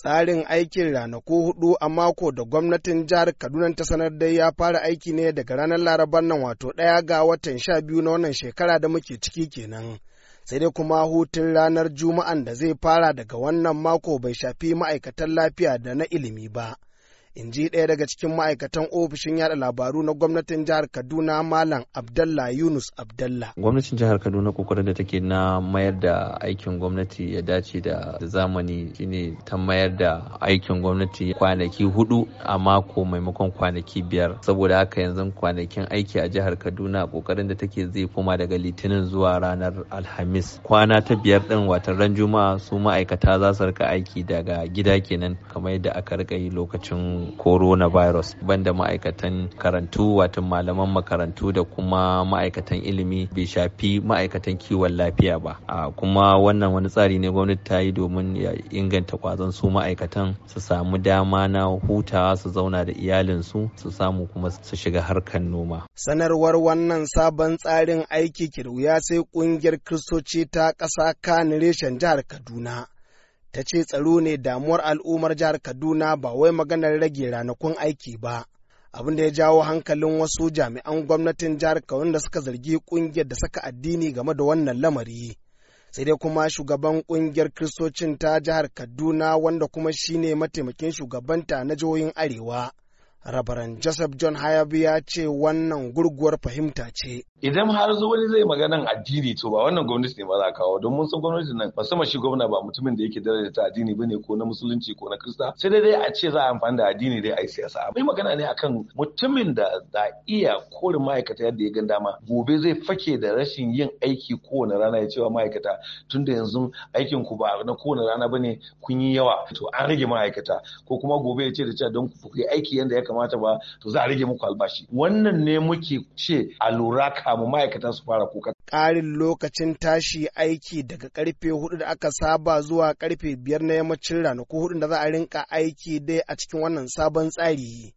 tsarin aikin ranaku hudu a mako da gwamnatin jihar kaduna ta sanar da ya fara aiki ne daga ranar laraban nan wato ɗaya ga watan sha biyu na wannan shekara da muke ciki kenan sai dai kuma hutun ranar juma'an da zai fara daga wannan mako bai shafi ma'aikatan lafiya da na ilimi ba in ji ɗaya daga cikin ma'aikatan ofishin yada labaru na gwamnatin jihar kaduna malam abdallah yunus abdallah gwamnatin jihar kaduna kokarin da take na mayar da aikin gwamnati ya dace da zamani shine ta mayar da aikin gwamnati kwanaki hudu a mako maimakon kwanaki biyar saboda haka yanzu kwanakin aiki a jihar kaduna kokarin da take zai koma daga litinin zuwa ranar alhamis kwana ta biyar din watan ran juma'a su ma'aikata za su rika aiki daga gida kenan kamar yadda aka rika yi lokacin coronavirus banda ma'aikatan karantu wato malaman makarantu da kuma ma'aikatan ilimi bai shafi ma'aikatan kiwon lafiya ba kuma wannan wani tsari ne gwamnati ta yi domin ya inganta kwazon su ma'aikatan su samu dama na hutawa su zauna da iyalinsu su samu kuma su shiga harkan noma sanarwar wannan sabon tsarin aiki kirwuya sai kungiyar kristoci ta ƙasa kanin reshen jihar kaduna ta ce tsaro ne damuwar al'ummar jihar kaduna ba wai maganar rage ranakun aiki ba abin da ya jawo hankalin wasu jami'an gwamnatin jihar kaduna da suka zargi kungiyar da saka addini game da wannan lamari sai dai kuma shugaban kungiyar kiristocin ta jihar kaduna wanda kuma shine mataimakin shugabanta na jihohin arewa rabaran joseph john hayabu ya ce wannan gurguwar fahimta ce idan har zo wani zai maganan addini to ba wannan gwamnati ne ba za kawo don mun san gwamnati nan ba sama shi gwamna ba mutumin da yake daraja ta addini bane ko na musulunci ko na krista sai dai a ce za a amfani da addini dai a yi siyasa mai magana ne akan mutumin da da iya kore ma'aikata yadda ya gan dama gobe zai fake da rashin yin aiki kowane rana ya cewa ma'aikata tun da yanzu aikin ku ba na kowane rana bane kun yi yawa to an rage ma'aikata ko kuma gobe ya ce da cewa don ku yi aiki yadda ya kamata ba to za a rage muku albashi wannan ne muke ce a lura kamun ma'aikatan su fara kuka. Ƙarin lokacin tashi aiki daga karfe hudu da aka saba zuwa karfe biyar na yammacin ranaku hudu da za a rinka aiki dai a cikin wannan sabon tsari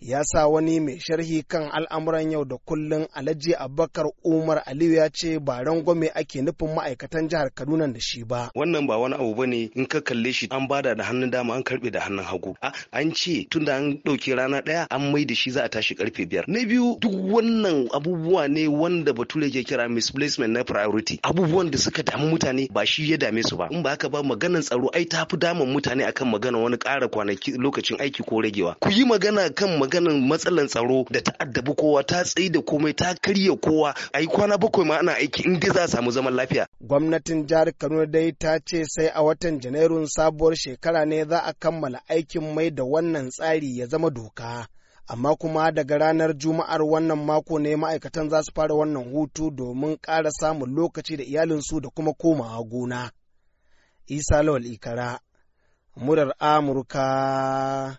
ya sa wani mai sharhi kan al'amuran yau da kullun alhaji abubakar umar aliyu ya ce ba rangwame ake nufin ma'aikatan jihar kaduna da shi ba wannan ba wani abu bane in ka kalle shi an bada da hannun dama an karbe da hannun hagu an ce tun da an ɗauki rana ɗaya an mai da shi za a tashi karfe biyar na biyu duk wannan abubuwa ne wanda bature ke kira misplacement na priority abubuwan da suka damu mutane ba shi ya dame su ba in ba haka ba maganan tsaro ai ta fi damun mutane akan magana wani ƙara kwanaki lokacin aiki ko ragewa ku yi magana kan Maganar matsalar tsaro da ta addabi kowa ta tsaye da komai ta karya kowa a yi kwana bakwai ma ana aiki in dai za a samu zaman lafiya. Gwamnatin jihar Kano dai ta ce sai a watan Janairun sabuwar shekara ne za a kammala aikin mai da wannan tsari ya zama doka. Amma kuma daga ranar Juma'ar wannan mako ne ma'aikatan za su fara wannan hutu domin ƙara samun lokaci da iyalinsu da kuma komawa gona. Isa Lawal Ikara, Murar Amurka,